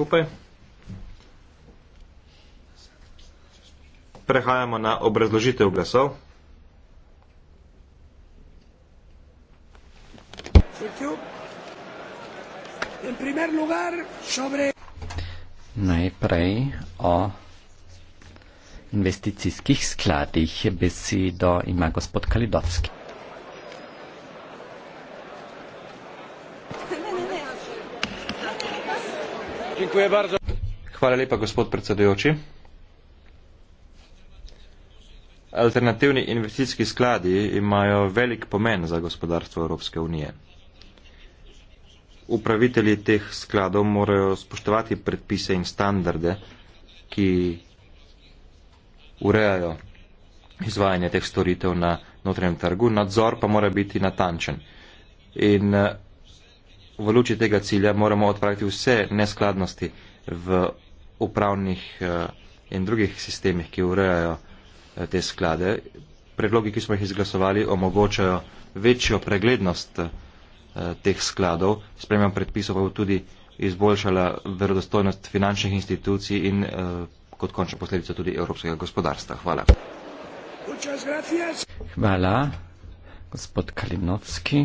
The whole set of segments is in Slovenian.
skupaj. Prehajamo na obrazložitev glasov. Najprej o investicijskih skladih besedo ima gospod Kalidovski. Hvala lepa, gospod predsedujoči. Alternativni investicijski skladi imajo velik pomen za gospodarstvo Evropske unije. Upravitelji teh skladov morajo spoštovati predpise in standarde, ki urejajo izvajanje teh storitev na notranjem trgu. Nadzor pa mora biti natančen. In v luči tega cilja moramo odpraviti vse neskladnosti v upravnih eh, in drugih sistemih, ki urejajo eh, te sklade. Predlogi, ki smo jih izglasovali, omogočajo večjo preglednost eh, teh skladov. Sprememba predpisov bo tudi izboljšala verodostojnost finančnih institucij in kot končna posledica tudi evropskega gospodarstva. Hvala. Hvala, gospod Kalinovski.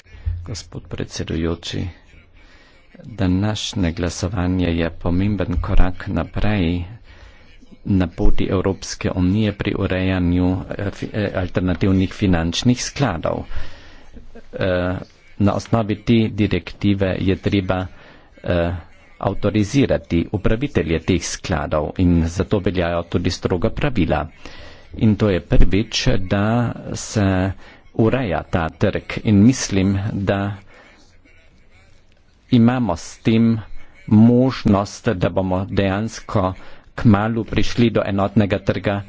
gospod predsedujoči. Današnje glasovanje je pomemben korak naprej na poti Evropske unije pri urejanju eh, eh, alternativnih finančnih skladov. Eh, na osnovi te direktive je treba avtorizirati upravitelje teh skladov in zato veljajo tudi stroga pravila. In to je prvič, da se ureja ta trg in mislim, da imamo s tem možnost, da bomo dejansko k malu prišli do enotnega trga,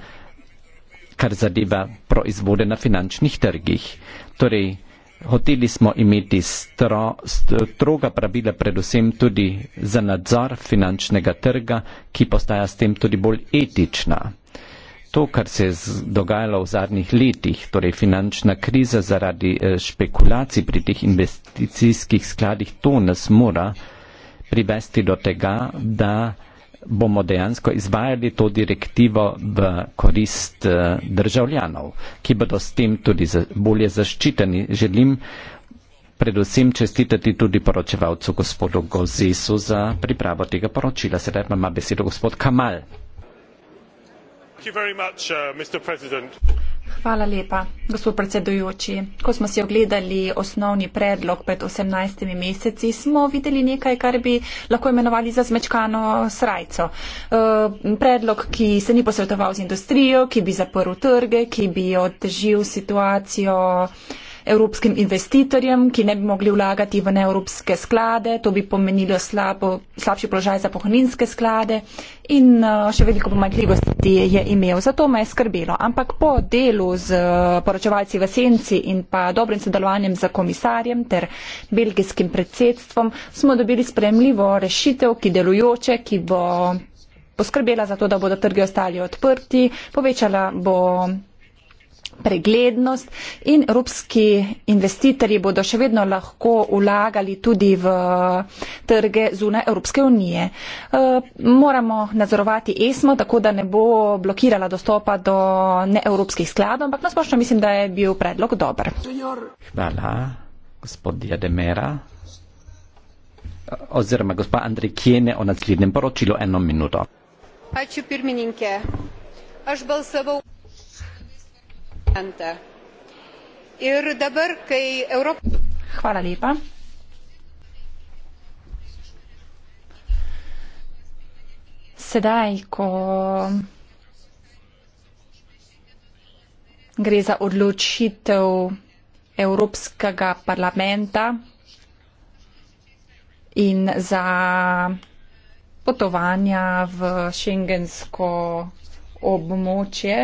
kar zadeva proizvode na finančnih trgih. Torej, hoteli smo imeti stro, stroga pravila predvsem tudi za nadzor finančnega trga, ki postaja s tem tudi bolj etična to, kar se je dogajalo v zadnjih letih, torej finančna kriza zaradi eh, špekulacij pri teh investicijskih skladih, to nas mora privesti do tega, da bomo dejansko izvajali to direktivo v korist eh, državljanov, ki bodo s tem tudi bolje zaščiteni. Želim predvsem čestitati tudi poročevalcu gospodu Gozesu za pripravo tega poročila. Sedaj pa ima besedo gospod Kamal. Uh, Hvala lepa, gospod predsedujoči. Ko smo si ogledali osnovni predlog pred 18 meseci, smo videli nekaj, kar bi lahko imenovali za zmečkano srajco. Uh, predlog, ki se ni posvetoval z industrijo, ki bi zaprl trge, ki bi odtežil situacijo evropskim investitorjem, ki ne bi mogli vlagati v neevropske sklade, to bi pomenilo slabo, slabši položaj za pohodninske sklade in uh, še veliko pomagljivosti je imel. Zato me je skrbelo. Ampak po delu z uh, poročevalci v senci in pa dobrim sodelovanjem z komisarjem ter belgijskim predsedstvom smo dobili spremljivo rešitev, ki delujoče, ki bo poskrbela za to, da bodo trgi ostali odprti, povečala bo preglednost in evropski investitorji bodo še vedno lahko vlagali tudi v trge zunaj Evropske unije. Eh, moramo nadzorovati ESMO, tako da ne bo blokirala dostopa do neevropskih skladov, ampak nasplošno mislim, da je bil predlog dober. Hvala, gospod Jademera. Oziroma, gospa Andrej Kjene o naslednjem poročilu eno minuto. Ačiū pirmininkė. Aš balsavau. Hvala lepa. Sedaj, ko gre za odločitev Evropskega parlamenta in za potovanja v šengensko območje,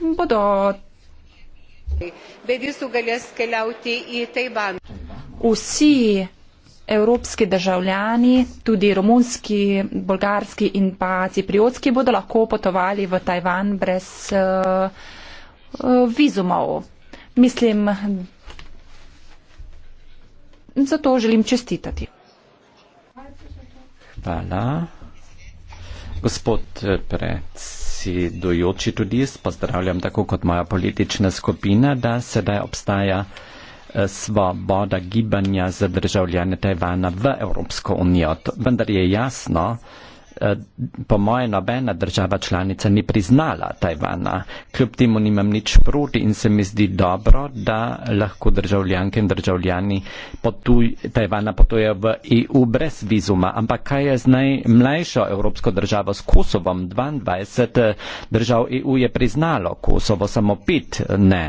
bodo. Vsi evropski državljani, tudi romunski, bolgarski in pa cipriotski, bodo lahko potovali v Tajvan brez uh, vizumov. Mislim, zato želim čestitati. Hvala. Gospod eh, Prec predsedujoči tudi jaz pozdravljam, tako kot moja politična skupina, da sedaj obstaja eh, svoboda gibanja za državljane Tajvana v Evropsko unijo. Vendar je jasno, Eh, po moje nobena država članica ni priznala Tajvana. Kljub temu nimam nič proti in se mi zdi dobro, da lahko državljanke in državljani potuj, Tajvana potujejo v EU brez vizuma. Ampak kaj je z najmlajšo evropsko državo s Kosovom? 22 eh, držav EU je priznalo Kosovo, samo pet eh, ne.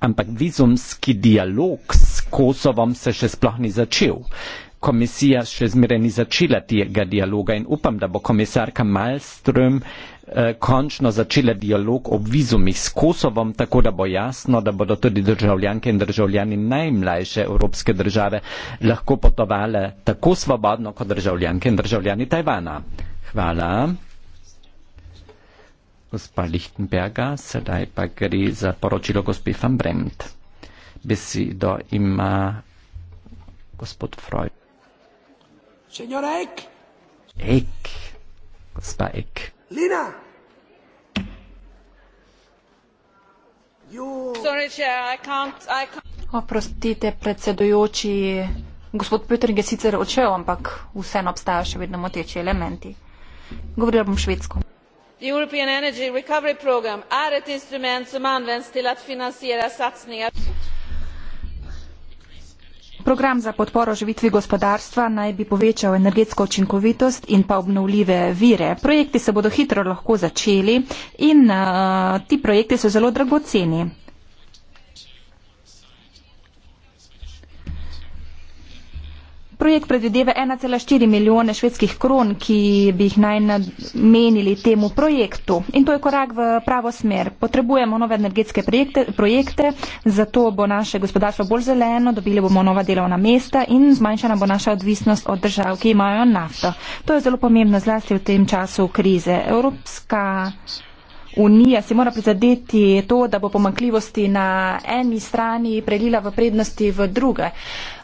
Ampak vizumski dialog s Kosovom se še sploh ni začel komisija še zmeraj ni začela tega dialoga in upam, da bo komisarka Malström eh, končno začela dialog o vizumih s Kosovom, tako da bo jasno, da bodo tudi državljanke in državljani najmlajše evropske države lahko potovali tako svobodno kot državljanke in državljani Tajvana. Hvala. Gospa Lichtenberga, sedaj pa gre za poročilo gospe Van Bremt. Besedo ima gospod Freud. Signora Eck. Eck. Gospa Eck. Lina. Oprostite, predsedujoči, gospod Petrin je sicer odšel, ampak vseeno obstajajo še vedno moteči elementi. Govorila bom švedsko. Program, Program za podporo živitvi gospodarstva naj bi povečal energetsko učinkovitost in pa obnovljive vire. Projekti se bodo hitro lahko začeli in uh, ti projekti so zelo dragoceni. projekt predvideva 1,4 milijone švedskih kron, ki bi jih naj namenili temu projektu. In to je korak v pravo smer. Potrebujemo nove energetske projekte, projekte, zato bo naše gospodarstvo bolj zeleno, dobili bomo nova delovna mesta in zmanjšana bo naša odvisnost od držav, ki imajo nafto. To je zelo pomembno, zlasti v tem času krize. Evropska. Unija si mora prizadeti to, da bo pomankljivosti na eni strani prelila v prednosti v druge.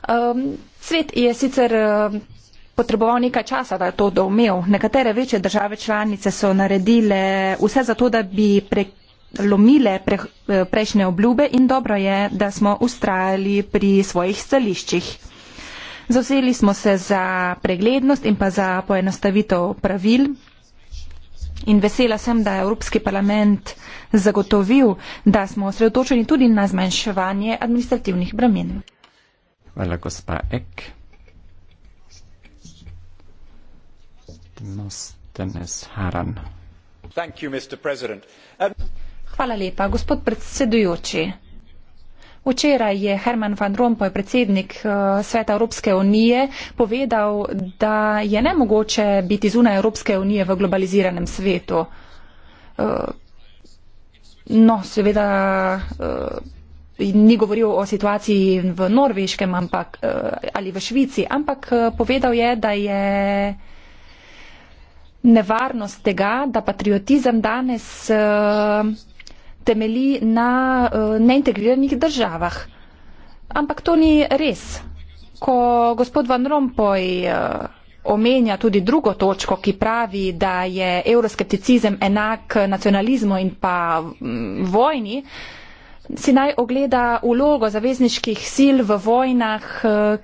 Um, Svet je sicer eh, potreboval nekaj časa, da je to domel. Nekatere večje države članice so naredile vse za to, da bi prelomile pre, eh, prejšnje obljube in dobro je, da smo ustrajali pri svojih stališčih. Zavzeli smo se za preglednost in pa za poenostavitev pravil. In vesela sem, da je Evropski parlament zagotovil, da smo osredotočeni tudi na zmanjševanje administrativnih bremen. Hvala, gospa Ek. Mostenes Haran. Uh, Hvala lepa, gospod predsedujoči. Včeraj je Herman van Rompuy, predsednik uh, Sveta Evropske unije, povedal, da je nemogoče biti zunaj Evropske unije v globaliziranem svetu. Uh, no, seveda ni govoril o situaciji v Norveškem ampak, eh, ali v Švici, ampak eh, povedal je, da je nevarnost tega, da patriotizem danes eh, temeli na neintegriranih državah. Ampak to ni res. Ko gospod Van Rompuy omenja tudi drugo točko, ki pravi, da je euroskepticizem enak nacionalizmu in pa mm, vojni, uh, si naj ogleda ulogo zavezniških sil v vojnah, eh,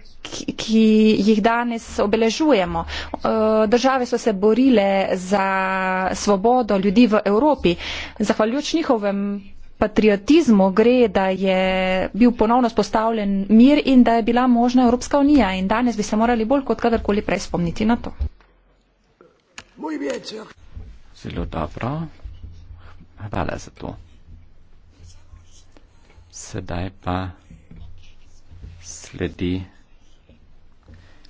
ki jih danes obeležujemo. Eh, države so se borile za svobodo ljudi v Evropi. Zahvaljujoč njihovem patriotizmu gre, da je bil ponovno spostavljen mir in da je bila možna Evropska unija in danes bi se morali bolj kot kadarkoli prej spomniti na to. Zelo dobro. Hvala za to sedaj pa sledi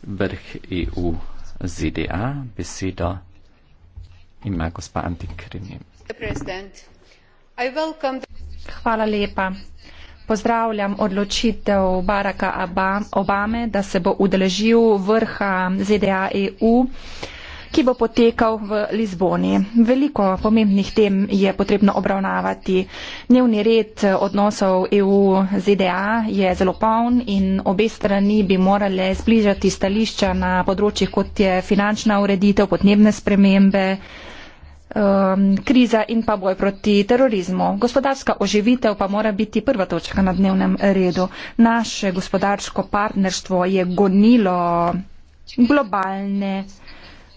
vrh EU ZDA. Besedo ima gospa Antikrini. Hvala lepa. Pozdravljam odločitev Baraka Obame, da se bo udeležil vrha ZDA EU ki bo potekal v Lizboni. Veliko pomembnih tem je potrebno obravnavati. Dnevni red eh, odnosov EU-ZDA je zelo poln in obe strani bi morale zbližati stališča na področjih, kot je finančna ureditev, podnebne spremembe. Um, kriza in pa boj proti terorizmu. Gospodarska oživitev pa mora biti prva točka na dnevnem redu. Naše gospodarsko partnerstvo je gonilo globalne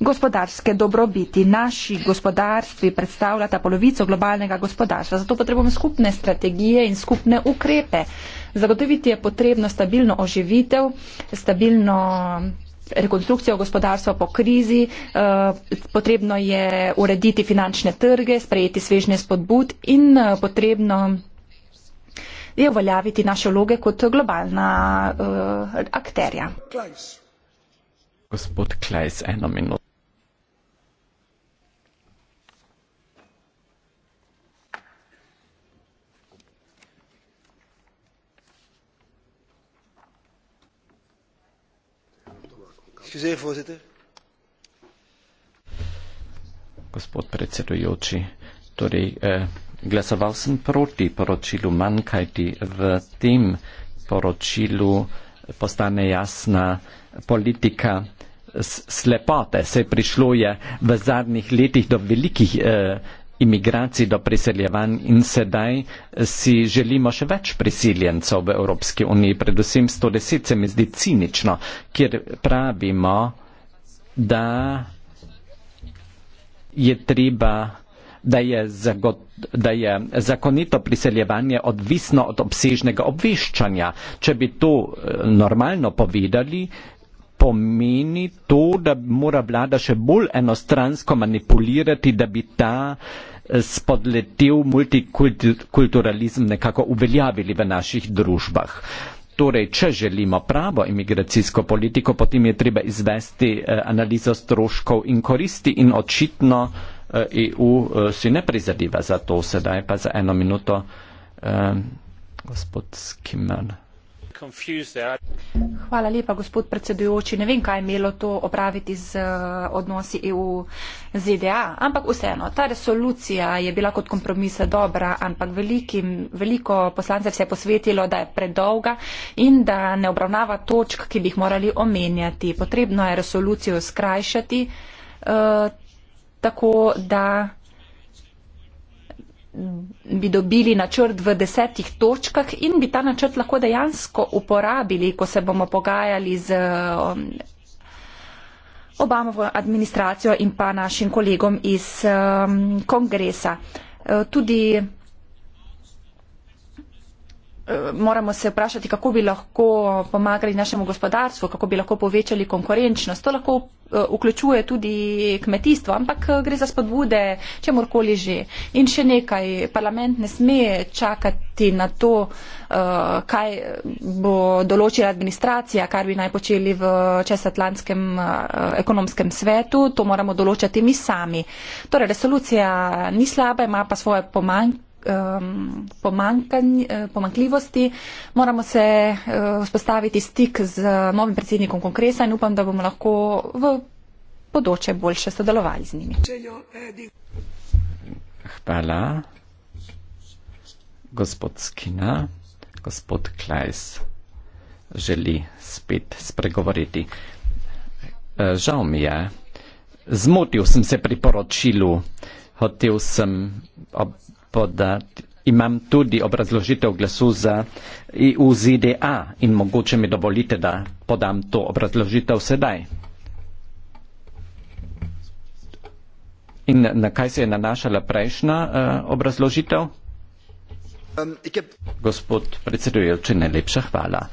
gospodarske dobrobiti. Naši gospodarstvi predstavljata polovico globalnega gospodarstva, zato potrebujemo skupne strategije in skupne ukrepe. Zagotoviti je potrebno stabilno oživitev, stabilno rekonstrukcijo gospodarstva po krizi, eh, potrebno je urediti finančne trge, sprejeti svežne spodbud in eh, potrebno je uveljaviti naše vloge kot globalna uh, akterja. Gospod Klajs, eno minuto. Gospod predsedujoči, torej eh, glasoval sem proti poročilu manjkajti v tem poročilu postane jasna politika slepote. Se prišlo je v zadnjih letih do velikih eh, imigracij, do priseljevanj in sedaj si želimo še več priseljencev v Evropski uniji, predvsem 110 se mi zdi cinično, kjer pravimo, da je treba Da je, zagot, da je zakonito priseljevanje odvisno od obsežnega obveščanja. Če bi to eh, normalno povedali, pomeni to, da mora vlada še bolj enostransko manipulirati, da bi ta eh, spodletel multikulturalizem nekako uveljavili v naših družbah. Torej, če želimo pravo imigracijsko politiko, potem je treba izvesti eh, analizo stroškov in koristi in očitno EU eh, e si ne prizadeva za to sedaj, pa za eno minuto. Gospod Skimmer. Hvala lepa, gospod predsedujoči. Ne vem, kaj je imelo to opraviti z eh, odnosi EU-ZDA, ampak vseeno, ta resolucija je bila kot kompromise dobra, ampak velikim, veliko poslancev se je posvetilo, da je predolga in da ne obravnava točk, ki bi jih morali omenjati. Potrebno je resolucijo skrajšati eh, tako, da bi dobili načrt v desetih točkah in bi ta načrt lahko dejansko uporabili, ko se bomo pogajali z um, Obamovo administracijo in pa našim kolegom iz um, kongresa. Uh, tudi Eh, moramo se vprašati, kako bi lahko pomagali našemu gospodarstvu, kako bi lahko povečali konkurenčnost. To lahko eh, vključuje tudi kmetijstvo, ampak eh, gre za spodbude, če morkoli že. In še nekaj, parlament ne sme čakati na to, kaj bo določila administracija, kar bi naj počeli v Česatlantskem ekonomskem svetu, to moramo določati mi sami. Torej, resolucija ni slaba, ima pa svoje pomanjke um, eh, pomankljivosti. Moramo se eh, vzpostaviti uh, stik z novim predsednikom kongresa in upam, da bomo lahko v podoče boljše sodelovali z njimi. Hvala. Gospod Skina, gospod Klajs želi spet spregovoriti. Eh, žal mi je, zmotil sem se pri poročilu, hotel sem podati. Imam tudi obrazložitev glasu za EU ZDA in mogoče mi dovolite, da podam to obrazložitev sedaj. In na kaj se je nanašala prejšnja uh, obrazložitev? Gospod predsedujoči, najlepša hvala.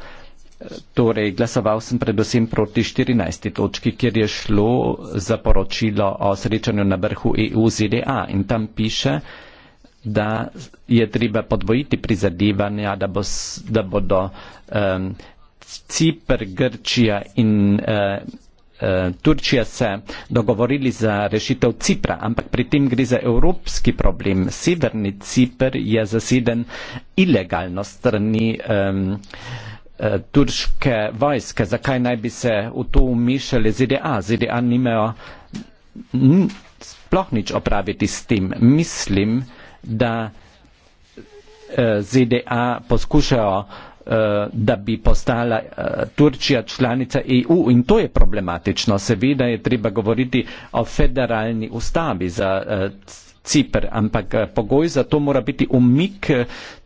Torej, glasoval sem predvsem proti 14. točki, kjer je šlo za poročilo o srečanju na vrhu EU-ZDA in tam piše, da je treba podvojiti prizadevanja, da, da bodo um, Cipr, Grčija in uh, uh, Turčija se dogovorili za rešitev Cipra, ampak pri tem gre za evropski problem. Severni Cipr je zaseden ilegalno strani um, uh, turške vojske. Zakaj naj bi se v to umišali ZDA? ZDA nimajo sploh nič opraviti s tem. Mislim, da eh, ZDA poskušajo, eh, da bi postala eh, Turčija članica EU in to je problematično. Seveda je treba govoriti o federalni ustavi za Cipr, ampak pogoj za to mora biti umik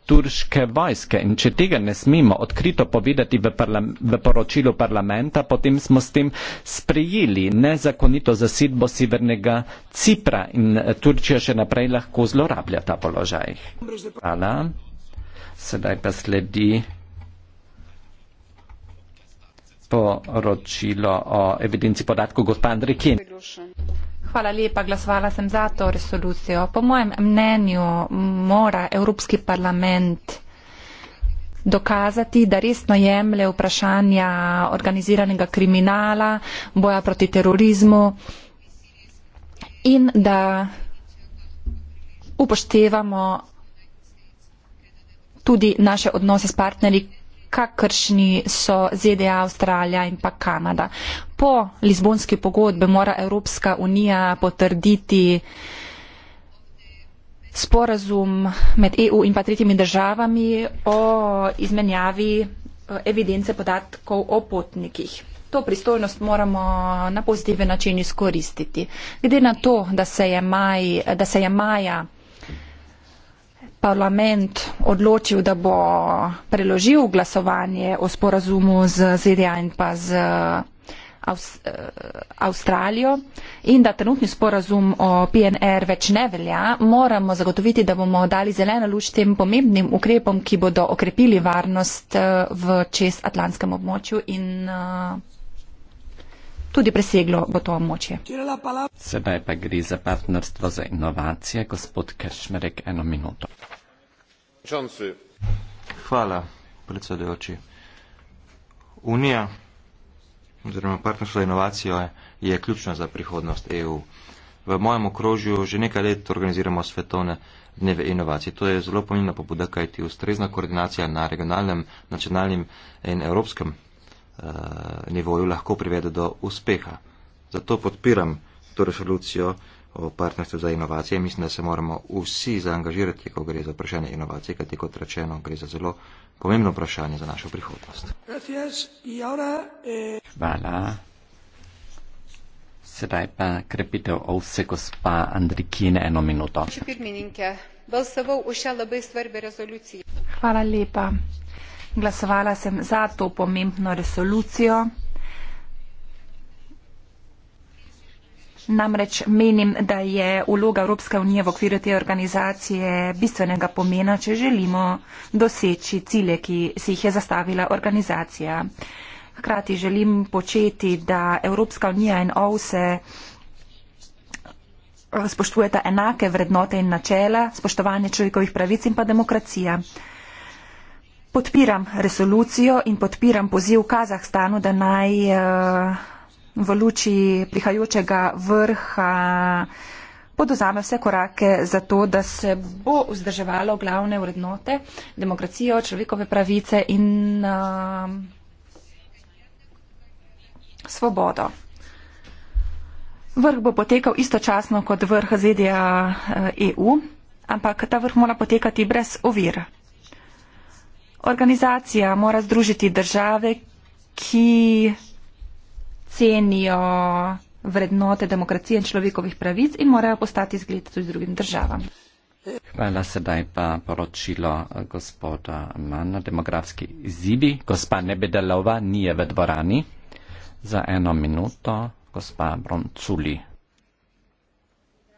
turške vojske. In če tega ne smemo odkrito povedati v, parla v poročilu parlamenta, potem smo s tem sprejeli nezakonito zasedbo Severnega Cipra in eh, Turčija še naprej lahko zlorablja ta položaj. Hvala. Sedaj pa sledi poročilo o evidenci podatkov gospod Andrej Kin. Hvala lepa, glasovala sem za to resolucijo. Po mojem mnenju mora Evropski parlament dokazati, da resno jemlje vprašanja organiziranega kriminala, boja proti terorizmu in da upoštevamo tudi naše odnose s partnerji, kakršni so ZDA, Avstralija in pa Kanada. Po Lizbonski pogodbi mora Evropska unija potrditi sporazum med EU in pa tretjimi državami o izmenjavi eh, evidence podatkov o potnikih. To pristojnost moramo na pozitiven način izkoristiti. Glede na to, da se je, maj, da se je maja parlament odločil, da bo preložil glasovanje o sporazumu z ZDA in pa z eh, Avstralijo in da trenutni sporazum o PNR več ne velja, moramo zagotoviti, da bomo dali zeleno luč tem pomembnim ukrepom, ki bodo okrepili varnost eh, v čezatlantskem območju in eh, tudi preseglo bo to območje. Sedaj pa gre za partnerstvo za inovacije. Gospod Kešmerek, eno minuto. Hvala, predsedujoči. Unija oziroma partnerstvo inovacijo je ključna za prihodnost EU. V mojem okrožju že nekaj let organiziramo svetovne dneve inovacij. To je zelo pomembna pobuda, kajti ustrezna koordinacija na regionalnem, nacionalnem in evropskem eh, nivoju lahko privede do uspeha. Zato podpiram to resolucijo, o partnerstvu za inovacije. Mislim, da se moramo vsi zaangažirati, ko gre za vprašanje inovacij, kajti kot rečeno, gre za zelo pomembno vprašanje za našo prihodnost. Eh, Hvala. Sedaj pa krepitev ovse gospa Andrikine eno minuto. Hvala lepa. Glasovala sem za to pomembno resolucijo. Namreč menim, da je vloga Evropske unije v okviru te organizacije bistvenega pomena, če želimo doseči cilje, ki si jih je zastavila organizacija. Hkrati želim početi, da Evropska unija in OVSE eh, spoštujeta enake vrednote in načela, spoštovanje človekovih pravic in pa demokracija. Podpiram resolucijo in podpiram poziv Kazahstanu, da naj. Uh, v luči prihajajočega vrha podozame vse korake za to, da se bo vzdrževalo glavne vrednote, demokracijo, človekove pravice in uh, svobodo. Vrh bo potekal istočasno kot vrh ZDA EU, eh, e ampak ta vrh mora potekati brez ovir. Organizacija mora združiti države, ki cenijo vrednote demokracije in človekovih pravic in morajo postati zgled tudi drugim državam. Hvala sedaj pa poročilo eh, gospoda Mana, demografski zibi. Gospa Nebedelova nije v dvorani. Za eno minuto gospa Bronculi.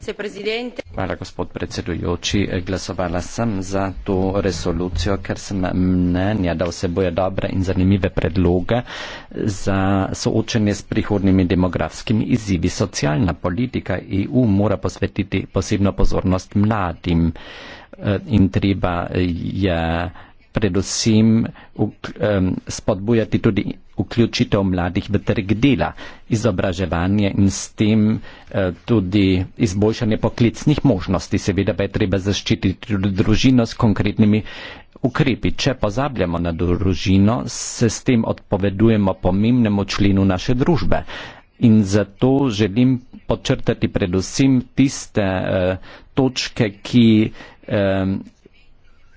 Hvala, gospod predsedujoči. Glasovala sem za to resolucijo, ker sem mnenja, da vse boje dobre in zanimive predloge za soočenje s prihodnimi demografskimi izzivi. Socialna politika EU mora posvetiti posebno pozornost mladim eh, in treba je. Ja, predvsem um, spodbuja tudi vključitev mladih v trg dela, izobraževanje in s tem uh, tudi izboljšanje poklicnih možnosti. Seveda pa je treba zaščititi tudi družino s konkretnimi ukrepi. Če pozabljamo na družino, se s tem odpovedujemo pomembnemu členu naše družbe. In zato želim podčrtati predvsem tiste uh, točke, ki. Um,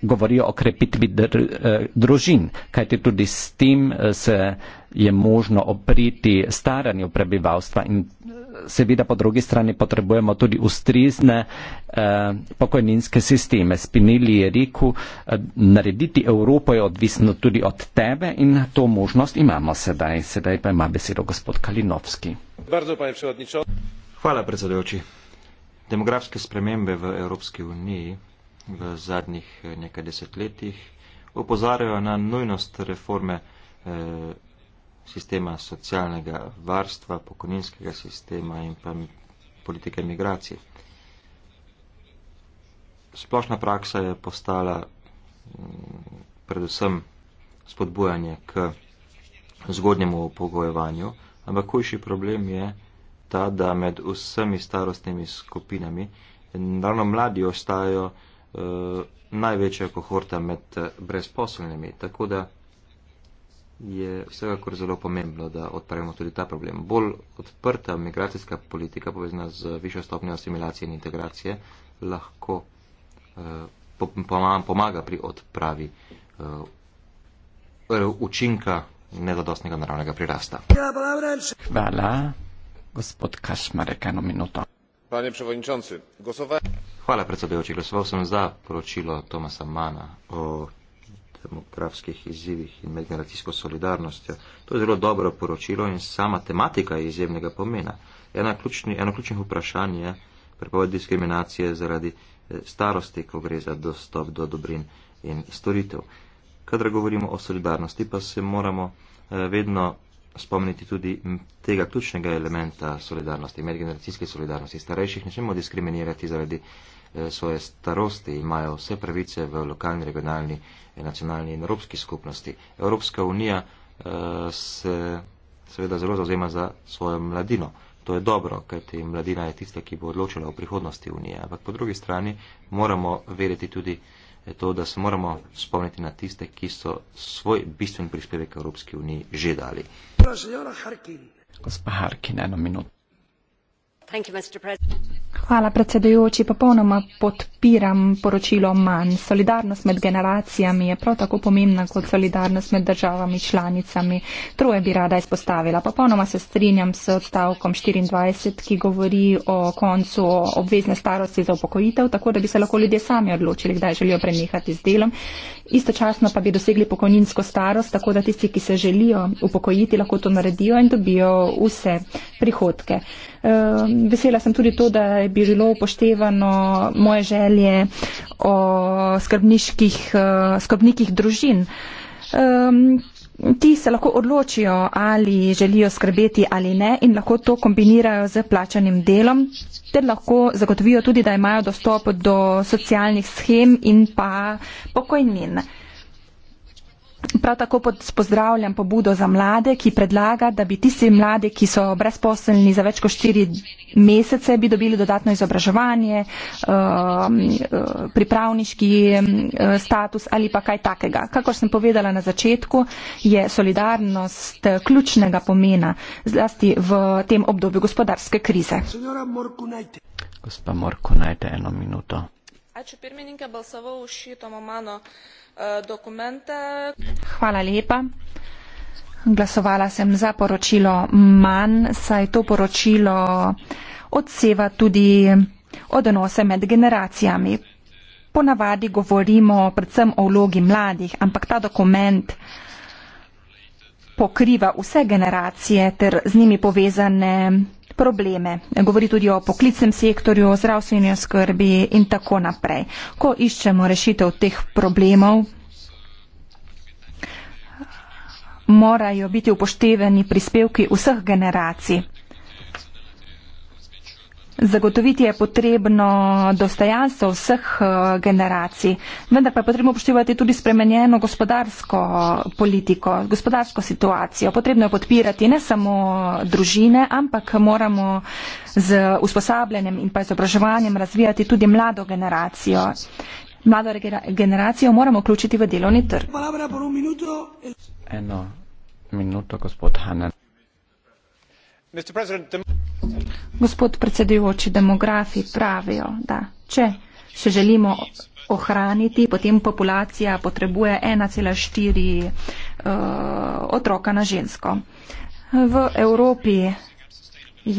govorijo o krepitvi dr, eh, družin, kajti tudi s tem eh, se je možno opriti staranju prebivalstva in eh, seveda po drugi strani potrebujemo tudi ustrezne eh, pokojninske sisteme. Spinelli je rekel, narediti Evropo je odvisno tudi od tebe in to možnost imamo sedaj. Sedaj pa ima besedo gospod Kalinovski. Hvala predsedujoči. Demografske spremembe v Evropski uniji v zadnjih eh, nekaj desetletjih, opozarjajo na nujnost reforme eh, sistema socialnega varstva, pokojninskega sistema in pa politike migracije. Splošna praksa je postala mm, predvsem spodbujanje k zgodnjemu upogojevanju, ampak hujši problem je ta, da med vsemi starostnimi skupinami ravno mladi ostajajo Eh, največja kohorta med eh, brezposelnimi. Tako da je vsekakor zelo pomembno, da odpravimo tudi ta problem. Bolj odprta migracijska politika, povezana z višjo stopnjo asimilacije in integracije, lahko eh, pomaga pri odpravi učinka nedodostnega naravnega prirasta. Hvala, gospod Kašmarek, eno minuto. Panie przewodniczący, głosowałem. Hvala, predsedujoči. Glasoval sem za poročilo Tomasa Mana o demografskih izzivih in medgeneracijsko solidarnostjo. To je zelo dobro poročilo in sama tematika je izjemnega pomena. Ključni, eno ključnih vprašanj je prepoved diskriminacije zaradi eh, starosti, ko gre za dostop do dobrin in storitev. Kadar govorimo o solidarnosti, pa se moramo eh, vedno spomniti tudi tega ključnega elementa solidarnosti, medgeneracijske solidarnosti. Starejših ne smemo diskriminirati zaradi Eh, svoje starosti, imajo vse pravice v lokalni, regionalni, eh, nacionalni in evropski skupnosti. Evropska unija eh, se seveda zelo zauzema za svojo mladino. To je dobro, kajti mladina je tista, ki bo odločila o prihodnosti unije. Ampak po drugi strani moramo vedeti tudi to, da se moramo spomniti na tiste, ki so svoj bistven prispevek Evropski uniji že dali. Gospa Harkin, eno minuto. Thank you, Mr. President. Hvala predsedujoči, popolnoma podpiram poročilo manj. Solidarnost med generacijami je prav tako pomembna kot solidarnost med državami članicami. Troje bi rada izpostavila. Popolnoma se strinjam s odstavkom 24, ki govori o koncu obvezne starosti za upokojitev, tako da bi se lahko ljudje sami odločili, kdaj želijo prenehati z delom. Istočasno pa bi dosegli pokojninsko starost, tako da tisti, ki se želijo upokojiti, lahko to naredijo in dobijo vse prihodke. Eh, vesela sem tudi to, da je bilo upoštevano moje želje o eh, skrbnikih družin. Ti se lahko odločijo, ali želijo skrbeti ali ne in lahko to kombinirajo z plačanim delom, ter lahko zagotovijo tudi, da imajo dostop do socialnih schem in pa pokojnin. Prav tako pod, pozdravljam pobudo za mlade, ki predlaga, da bi tisti mlade, ki so brezposelni za več kot štiri mesece, bi dobili dodatno izobraževanje, um, uh, pripravniški um, uh, status ali pa kaj takega. Kakor sem povedala na začetku, je solidarnost uh, ključnega pomena, zlasti v tem obdobju gospodarske krize. Gospa Morko, najte eno minuto. Ačiū pirmininkė, balsavau už šitomą mano e, dokumentą. Hvala lepa. Glasovala sem za poročilo manj, saj to poročilo odseva tudi odnose med generacijami. Ponavadi govorimo predvsem o vlogi mladih, ampak ta dokument pokriva vse generacije ter z njimi povezane probleme. Govori tudi o poklicnem sektorju, o zdravstveni oskrbi in tako naprej. Ko iščemo rešitev teh problemov, morajo biti upošteveni prispevki vseh generacij. Zagotoviti je potrebno dostajanstvo vseh eh, generacij, vendar pa je potrebno upoštevati tudi spremenjeno gospodarsko politiko, gospodarsko situacijo. Potrebno je podpirati ne samo družine, ampak moramo z usposabljanjem in pa izobraževanjem razvijati tudi mlado generacijo. Mlado generacijo moramo vključiti v delovni trg. Eno minuto, gospod Hanen. Gospod predsedujoči, demografi pravijo, da če še želimo ohraniti, potem populacija potrebuje 1,4 eh, otroka na žensko. V Evropi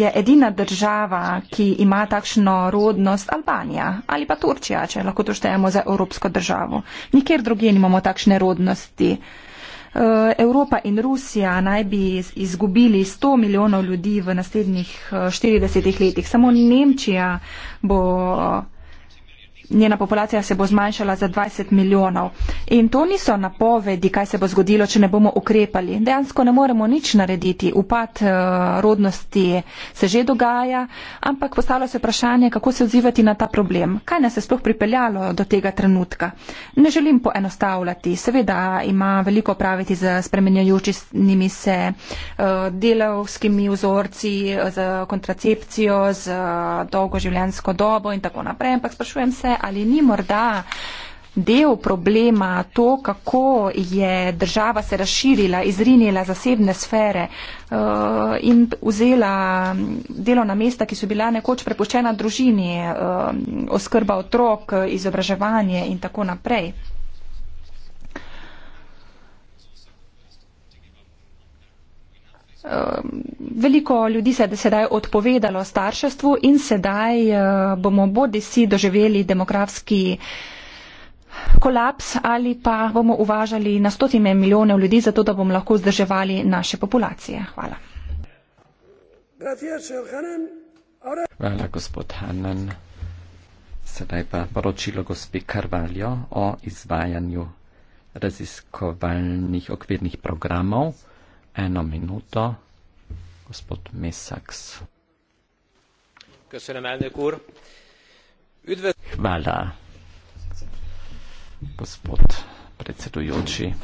je edina država, ki ima takšno rodnost Albanija ali pa Turčija, če lahko to štejemo za evropsko državo. Nikjer drugje nimamo takšne rodnosti. Eh, Evropa in Rusija naj bi izgubili 100 milijonov ljudi v naslednjih 40 eh, letih. Samo Nemčija bo njena populacija se bo zmanjšala za 20 milijonov. In to niso napovedi, kaj se bo zgodilo, če ne bomo ukrepali. Dejansko ne moremo nič narediti. Upad eh, rodnosti se že dogaja, ampak postavlja se vprašanje, kako se odzivati na ta problem. Kaj nas je sploh pripeljalo do tega trenutka? Ne želim poenostavljati. Seveda ima veliko praviti z spremenjajočimi se eh, delovskimi vzorci, z kontracepcijo, z dolgo življenjsko dobo in tako naprej. Ampak sprašujem se, ali ni morda del problema to, kako je država se razširila, izrinila zasebne sfere uh, in vzela delovna mesta, ki so bila nekoč prepuščena družini, uh, oskrba otrok, izobraževanje in tako naprej. Ehm, veliko ljudi se je sedaj odpovedalo starševstvu in sedaj eh, bomo bodi si doživeli demografski kolaps ali pa bomo uvažali na stotine milijonov ljudi, zato da bomo lahko zdrževali naše populacije. Hvala. Hvala, gospod Hanan. Sedaj pa poročilo gospe Karvaljo o izvajanju raziskovalnih okvirnih programov ena minuta. Gospod Mészax. Köszönöm, elnök úr. Üdvözlöm. Hvala. Gospod predsedujoči.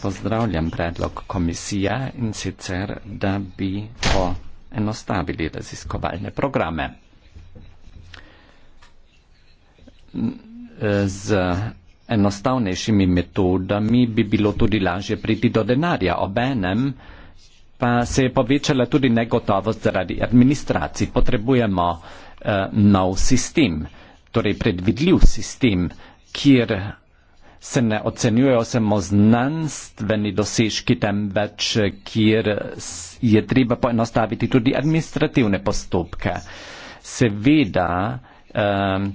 Pozdravljam predlog komisije in sicer, da bi poenostavili raziskovalne programe. Z enostavnejšimi metodami bi bilo tudi lažje priti do denarja. Obenem pa se je povečala tudi negotovost zaradi administracij. Potrebujemo uh, nov sistem, torej predvidljiv sistem, kjer se ne ocenjujejo samo znanstveni dosežki, temveč kjer je treba poenostaviti tudi administrativne postopke. Seveda, uh,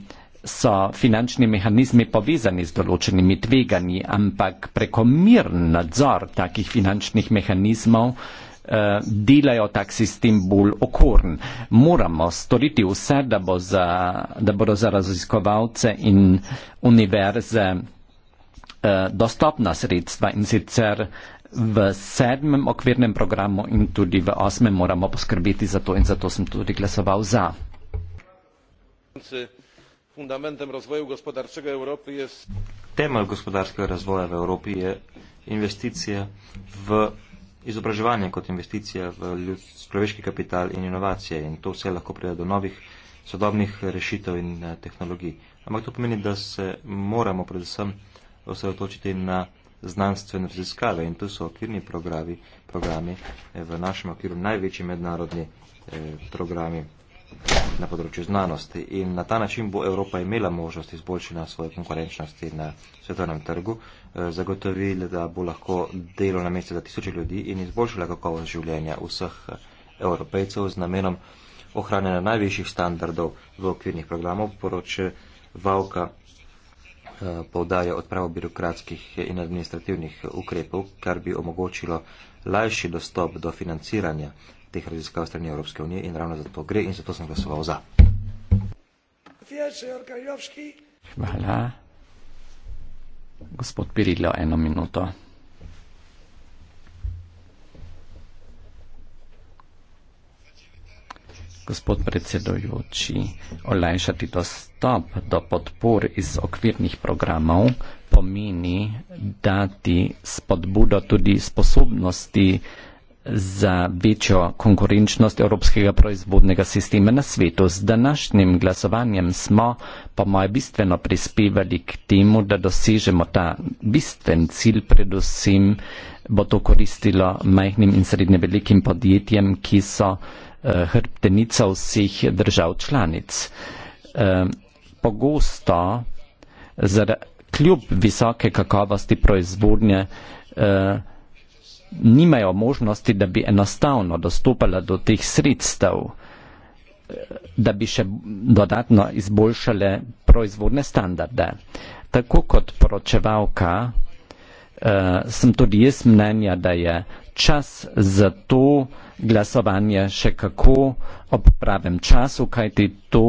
so finančni mehanizmi povezani z določenimi tveganji, ampak prekomiren nadzor takih finančnih mehanizmov eh, delajo tak sistem bolj okorn. Moramo storiti vse, da, bo za, da bodo za raziskovalce in univerze eh, dostopna sredstva in sicer v sedmem okvirnem programu in tudi v osmem moramo poskrbeti za to in zato sem tudi glasoval za fundamentem rozwoju gospodarczego Europy jest. Temel gospodarskiego rozwoju w Europie jest inwestycje w izobrażowanie, kot inwestycje w człowieczki kapital i innowacje. I to wszystko lahko prijde do nowych, sodobnych rozwiązań i eh, technologii. Ampak to pomeni, da se moramo predvsem osredotočiti na znanstvene raziskave in to so okvirni programi, programi eh, v našem okviru največji mednarodni eh, programi na področju znanosti. In na ta način bo Evropa imela možnost izboljšanja svoje konkurenčnosti na svetovnem trgu, eh, zagotovila, da bo lahko delo na mesto za tisoče ljudi in izboljšala kakovost življenja vseh eh, evropejcev z namenom ohranjanja najvišjih standardov v okvirnih programov, poroče Valka eh, poudarja odpravo birokratskih in administrativnih ukrepov, kar bi omogočilo lajši dostop do financiranja teh raziskav strani Evropske unije in ravno zato gre in zato sem glasoval za. Hvala. Gospod Pirilo, eno minuto. Gospod predsedujoči, olajšati dostop do podpor iz okvirnih programov pomeni dati spodbudo tudi sposobnosti, za večjo konkurenčnost evropskega proizvodnega sistema na svetu. Z današnjim glasovanjem smo, po moje, bistveno prispevali k temu, da dosežemo ta bistven cilj, predvsem bo to koristilo majhnim in srednje velikim podjetjem, ki so uh, hrbtenica vseh držav članic. Uh, pogosto, zar, kljub visoke kakovosti proizvodnje, uh, nimajo možnosti, da bi enostavno dostopala do teh sredstev, da bi še dodatno izboljšale proizvodne standarde. Tako kot poročevalka eh, sem tudi jaz mnenja, da je čas za to glasovanje še kako ob pravem času, kajti to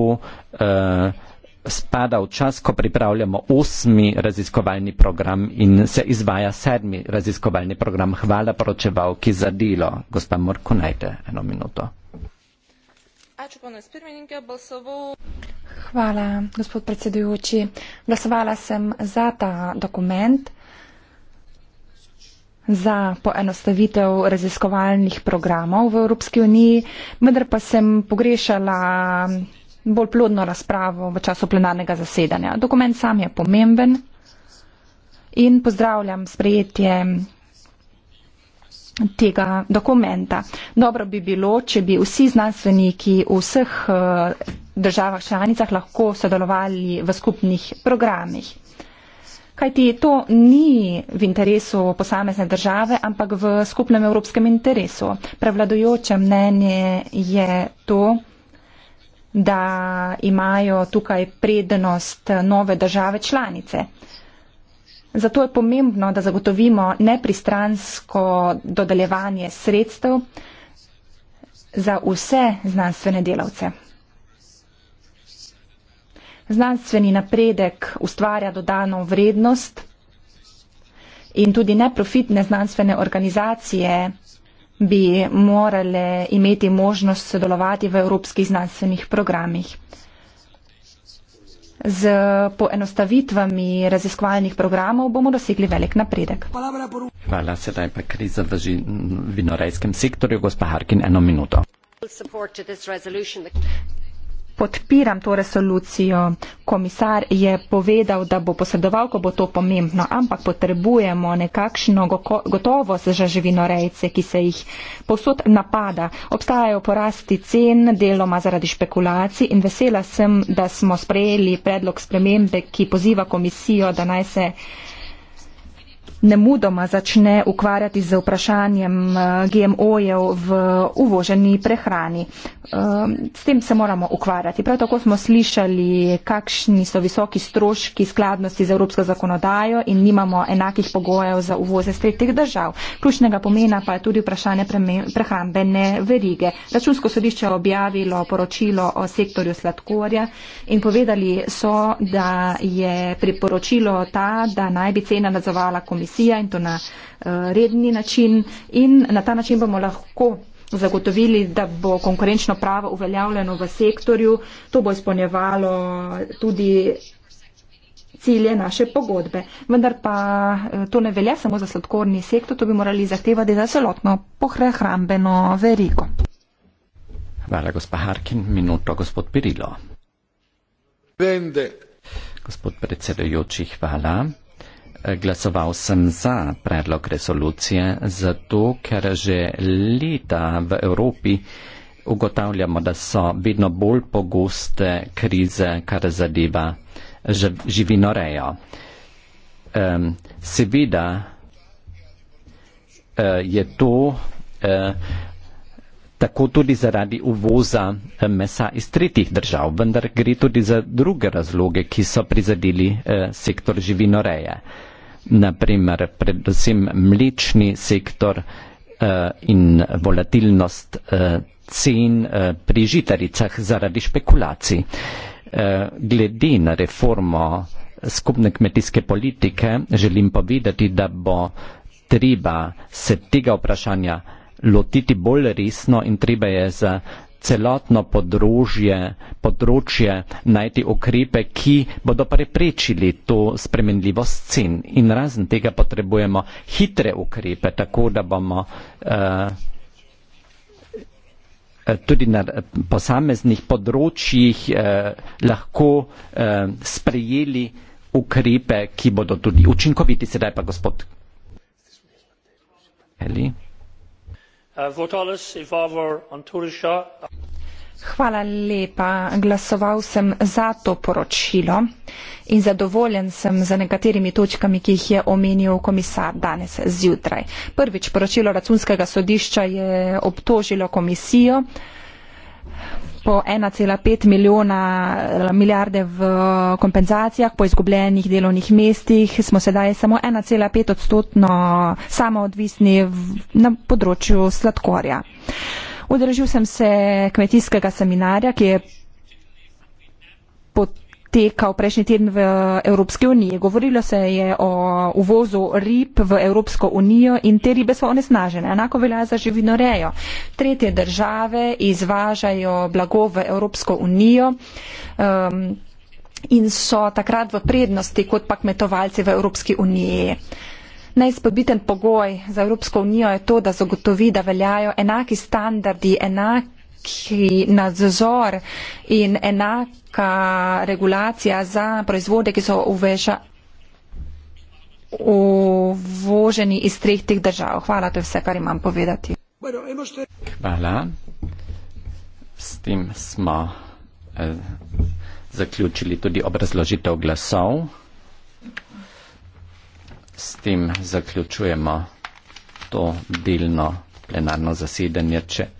vsega eh, spadal čas, ko pripravljamo osmi raziskovalni program in se izvaja sedmi raziskovalni program. Hvala poročevalki za delo. Gospa Morko, najte eno minuto. Hvala, gospod predsedujoči. Glasovala sem za ta dokument, za poenostavitev raziskovalnih programov v Evropski uniji, vendar pa sem pogrešala bolj plodno razpravo v času plenarnega zasedanja. Dokument sam je pomemben in pozdravljam sprejetje tega dokumenta. Dobro bi bilo, če bi vsi znanstveniki v vseh eh, državah članicah lahko sodelovali v skupnih programih. Kajti to ni v interesu posamezne države, ampak v skupnem evropskem interesu. Prevladojoče mnenje je to, da imajo tukaj prednost nove države članice. Zato je pomembno, da zagotovimo nepristransko dodeljevanje sredstev za vse znanstvene delavce. Znanstveni napredek ustvarja dodano vrednost in tudi neprofitne znanstvene organizacije bi morale imeti možnost sodelovati v evropskih znanstvenih programih. Z poenostavitvami raziskovalnih programov bomo dosegli velik napredek. Hvala, sedaj pa kriza v vinorejskem sektorju. Gospa Harkin, eno minuto podpiram to resolucijo. Komisar je povedal, da bo posredoval, ko bo to pomembno, ampak potrebujemo nekakšno gotovost za živinorejce, ki se jih posod napada. Obstajajo porasti cen, deloma zaradi špekulacij in vesela sem, da smo sprejeli predlog spremembe, ki poziva komisijo, da naj se nemudoma začne ukvarjati z vprašanjem eh, GMO-jev v uvoženi prehrani. Ehm, s tem se moramo ukvarjati. Prav tako smo slišali, kakšni so visoki stroški skladnosti z evropsko zakonodajo in nimamo enakih pogojev za uvoze z tretjih držav. Ključnega pomena pa je tudi vprašanje prehrambene verige. Računsko sodišče je objavilo poročilo o sektorju sladkorja in povedali so, da je priporočilo ta, da naj bi cena nadzovala komisija komisija in to na eh, redni način in na ta način bomo lahko zagotovili, da bo konkurenčno pravo uveljavljeno v sektorju. To bo izpolnjevalo tudi cilje naše pogodbe. Vendar pa eh, to ne velja samo za sladkorni sektor, to bi morali zahtevati za celotno pohrehrambeno verigo. Hvala, gospa Harkin. Minuto, gospod Pirilo. Vende. Gospod predsedujoči, hvala. Glasoval sem za predlog resolucije, zato ker že leta v Evropi ugotavljamo, da so vedno bolj pogoste krize, kar zadeva živinorejo. Seveda eh, je to eh, tako tudi zaradi uvoza eh, mesa iz tretjih držav, vendar gre tudi za druge razloge, ki so prizadili sektor živinoreje naprimer predvsem mlečni sektor eh, in volatilnost eh, cen eh, pri žitaricah zaradi špekulacij. Glede na reformo skupne kmetijske politike želim povedati, da bo treba se tega vprašanja lotiti bolj resno in treba je za celotno podrožje, področje najti ukrepe, ki bodo preprečili to spremenljivost cen. In razen tega potrebujemo hitre ukrepe, tako da bomo eh, tudi na posameznih področjih eh, lahko eh, sprejeli ukrepe, ki bodo tudi učinkoviti. Sedaj pa gospod. Ali? Uh, Hvala lepa. Glasoval sem za to poročilo in zadovoljen sem z nekaterimi točkami, ki jih je omenil komisar danes zjutraj. Prvič, poročilo računskega sodišča je obtožilo komisijo, po 1,5 milijona eh, milijarde v eh, kompenzacijah, po izgubljenih delovnih mestih smo sedaj samo 1,5 odstotno samoodvisni na področju sladkorja. Udržil sem se kmetijskega seminarja, ki je potrebno tekal prejšnji teden v Evropski uniji. Govorilo se je o uvozu rib v Evropsko unijo in te ribe so onesnažene. Enako velja za živinorejo. Tretje države izvažajo blago v Evropsko unijo. Um, in so takrat v prednosti kot pa kmetovalci v Evropski uniji. Najspobiten pogoj za Evropsko unijo je to, da zagotovi, da veljajo enaki standardi, enak ki nadzor in enaka regulacija za proizvode, ki so uveža, uvoženi iz treh teh držav. Hvala, to je vse, kar imam povedati. Hvala. S tem smo eh, zaključili tudi obrazložitev glasov. S tem zaključujemo to delno plenarno zasedanje. Če